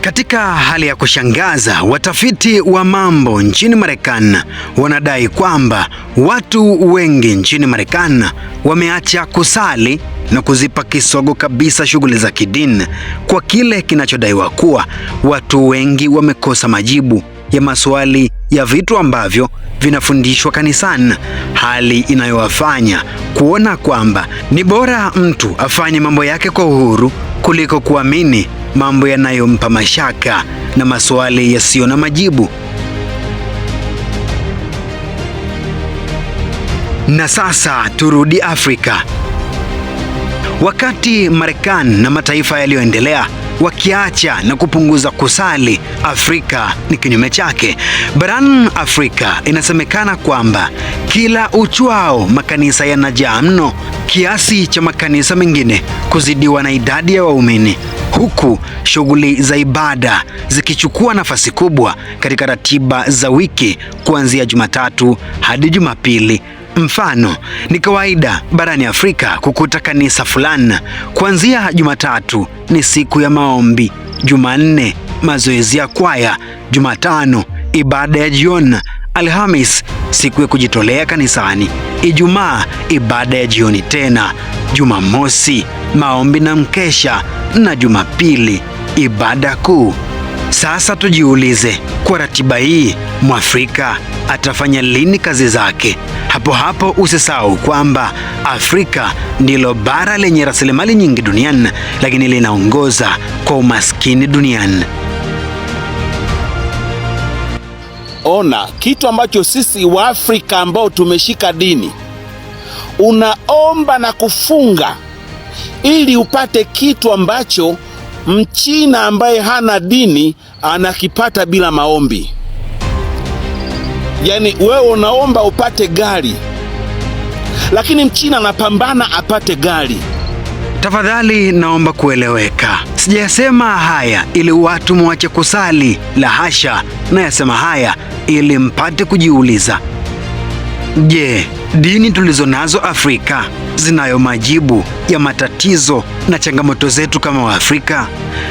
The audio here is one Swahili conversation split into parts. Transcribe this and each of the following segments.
Katika hali ya kushangaza, watafiti wa mambo nchini Marekani wanadai kwamba watu wengi nchini Marekani wameacha kusali na kuzipa kisogo kabisa shughuli za kidini kwa kile kinachodaiwa kuwa watu wengi wamekosa majibu ya maswali ya vitu ambavyo vinafundishwa kanisani, hali inayowafanya kuona kwamba ni bora mtu afanye mambo yake kwa uhuru kuliko kuamini mambo yanayompa mashaka na maswali yasiyo na majibu. Na sasa turudi Afrika. Wakati Marekani na mataifa yaliyoendelea wakiacha na kupunguza kusali, Afrika ni kinyume chake. Barani Afrika inasemekana kwamba kila uchwao makanisa yanajaa mno kiasi cha makanisa mengine kuzidiwa na idadi ya waumini huku shughuli za ibada zikichukua nafasi kubwa katika ratiba za wiki kuanzia Jumatatu hadi Jumapili. Mfano, ni kawaida barani Afrika kukuta kanisa fulani kuanzia Jumatatu ni siku ya maombi, Jumanne mazoezi ya kwaya, Jumatano ibada ya jioni, Alhamis siku ya kujitolea kanisani, Ijumaa ibada ya jioni tena, Jumamosi maombi na mkesha, na Jumapili ibada kuu. Sasa tujiulize, kwa ratiba hii Mwafrika atafanya lini kazi zake? Hapo hapo usisahau kwamba Afrika ndilo bara lenye rasilimali nyingi duniani, lakini linaongoza kwa umaskini duniani. Ona kitu ambacho sisi Waafrika ambao tumeshika dini, unaomba na kufunga ili upate kitu ambacho Mchina ambaye hana dini anakipata bila maombi. Yaani wewe unaomba upate gari, lakini mchina anapambana apate gari. Tafadhali naomba kueleweka, sijayasema haya ili watu mwache kusali, la hasha. Nayasema haya ili mpate kujiuliza, je, Dini tulizonazo Afrika zinayo majibu ya matatizo na changamoto zetu kama Waafrika?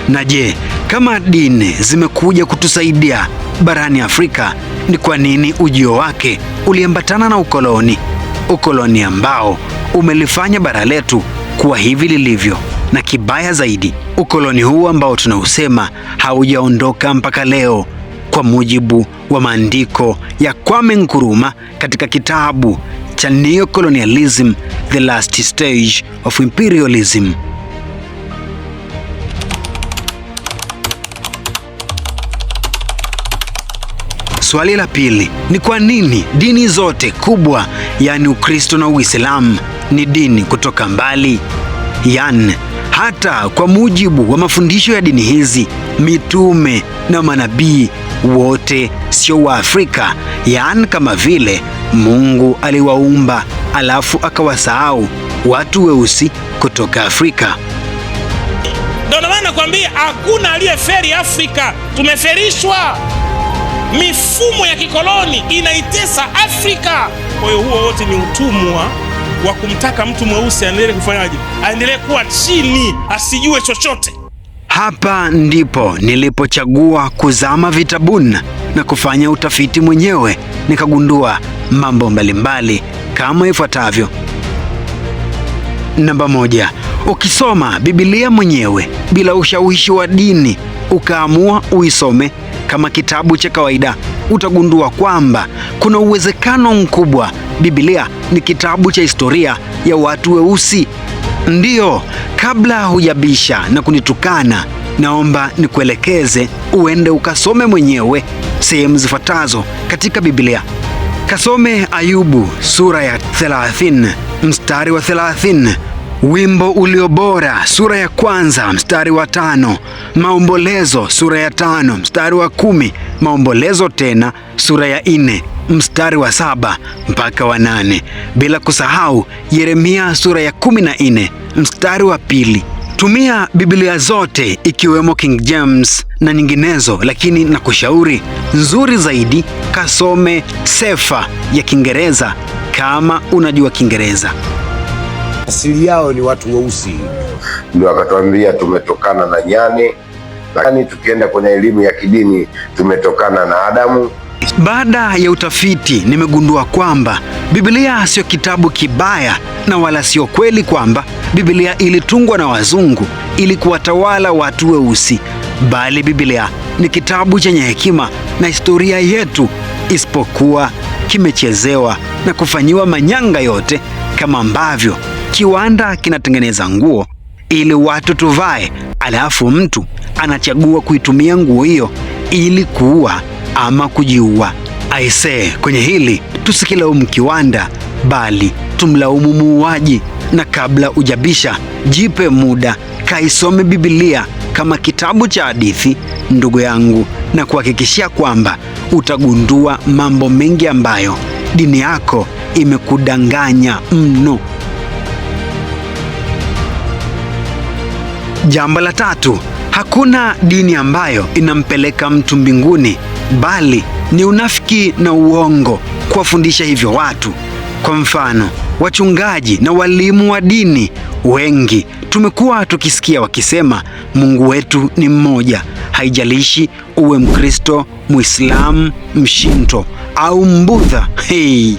Na je, kama dini zimekuja kutusaidia barani Afrika, ni kwa nini ujio wake uliambatana na ukoloni? Ukoloni ambao umelifanya bara letu kuwa hivi lilivyo, na kibaya zaidi, ukoloni huu ambao tunausema haujaondoka mpaka leo kwa mujibu wa maandiko ya Kwame Nkrumah katika kitabu cha neocolonialism, the last stage of imperialism. Swali la pili ni kwa nini dini zote kubwa, yaani Ukristo na Uislamu, ni dini kutoka mbali? Yaani hata kwa mujibu wa mafundisho ya dini hizi, mitume na manabii wote sio wa afrika yaani kama vile Mungu aliwaumba alafu akawasahau watu weusi kutoka Afrika. Ndio maana nakwambia hakuna aliyeferi Afrika, tumeferishwa. Mifumo ya kikoloni inaitesa Afrika. Kwa hiyo huo wote ni utumwa wa kumtaka mtu mweusi aendelee kufanyaje? Aendelee kuwa chini, asijue chochote. Hapa ndipo nilipochagua kuzama vitabuni na kufanya utafiti mwenyewe, nikagundua mambo mbalimbali kama ifuatavyo. Namba moja, ukisoma Biblia mwenyewe bila ushawishi wa dini ukaamua uisome kama kitabu cha kawaida, utagundua kwamba kuna uwezekano mkubwa Biblia ni kitabu cha historia ya watu weusi Ndiyo, kabla hujabisha na kunitukana, naomba nikuelekeze uende ukasome mwenyewe sehemu zifuatazo katika Biblia. Kasome Ayubu sura ya 30 mstari wa 30 Wimbo ulio bora sura ya kwanza mstari wa tano, Maombolezo sura ya tano mstari wa kumi, Maombolezo tena sura ya nne mstari wa saba mpaka wa nane, bila kusahau Yeremia sura ya kumi na nne mstari wa pili. Tumia Biblia zote ikiwemo King James na nyinginezo, lakini na kushauri nzuri zaidi kasome Sefa ya Kiingereza kama unajua Kiingereza asili yao ni watu weusi. Ndio akatuambia tumetokana na nyani, lakini tukienda kwenye elimu ya kidini tumetokana na Adamu. Baada ya utafiti nimegundua kwamba Biblia sio kitabu kibaya na wala sio kweli kwamba Biblia ilitungwa na wazungu ili kuwatawala watu weusi, bali Biblia ni kitabu chenye hekima na historia yetu, isipokuwa kimechezewa na kufanyiwa manyanga yote kama ambavyo kiwanda kinatengeneza nguo ili watu tuvae, alafu mtu anachagua kuitumia nguo hiyo ili kuua ama kujiua. Aisee, kwenye hili tusikilaumu kiwanda, bali tumlaumu muuaji. Na kabla ujabisha jipe muda, kaisome Biblia kama kitabu cha hadithi, ndugu yangu, na kuhakikishia kwamba utagundua mambo mengi ambayo dini yako imekudanganya mno. Jambo la tatu, hakuna dini ambayo inampeleka mtu mbinguni, bali ni unafiki na uongo kuwafundisha hivyo watu. Kwa mfano, wachungaji na walimu wa dini wengi tumekuwa tukisikia wakisema Mungu wetu ni mmoja, haijalishi uwe Mkristo, Muislamu, Mshinto au Mbudha. Hey,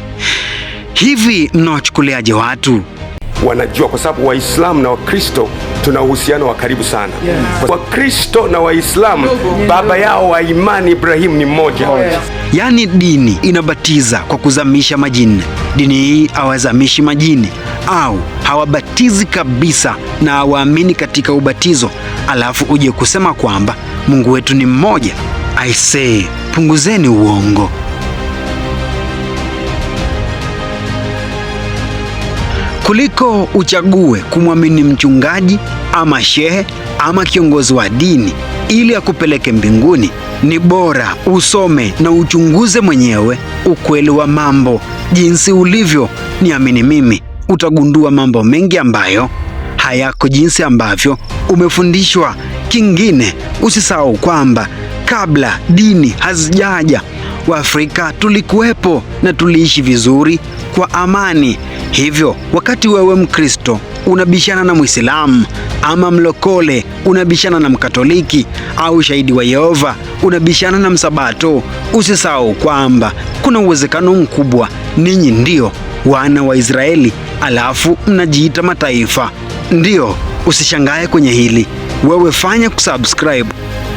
hivi mnawachukuliaje watu? wanajua, kwa sababu Waislamu na Wakristo tuna uhusiano wa karibu sana yes. Wakristo na Waislamu baba yao wa imani Ibrahimu ni mmoja yes. Yaani dini inabatiza kwa kuzamisha majini. Dini hii hawazamishi majini au hawabatizi kabisa na hawaamini katika ubatizo, alafu uje kusema kwamba Mungu wetu ni mmoja. Aisee, punguzeni uongo. kuliko uchague kumwamini mchungaji ama shehe ama kiongozi wa dini ili akupeleke mbinguni, ni bora usome na uchunguze mwenyewe ukweli wa mambo jinsi ulivyo. Niamini mimi, utagundua mambo mengi ambayo hayako jinsi ambavyo umefundishwa. Kingine, usisahau kwamba kabla dini hazijaja Waafrika tulikuwepo na tuliishi vizuri kwa amani. Hivyo wakati wewe Mkristo unabishana na Mwislamu ama mlokole unabishana na Mkatoliki au shahidi wa Yehova unabishana na Msabato, usisahau kwamba kuna uwezekano mkubwa ninyi ndio wana wa Israeli alafu mnajiita mataifa. Ndiyo, usishangae kwenye hili. Wewe fanya kusubscribe,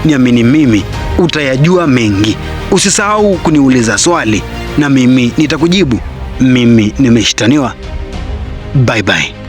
niamini mimi utayajua mengi. Usisahau kuniuliza swali na mimi nitakujibu mimi nimeshitaniwa. Bye bye.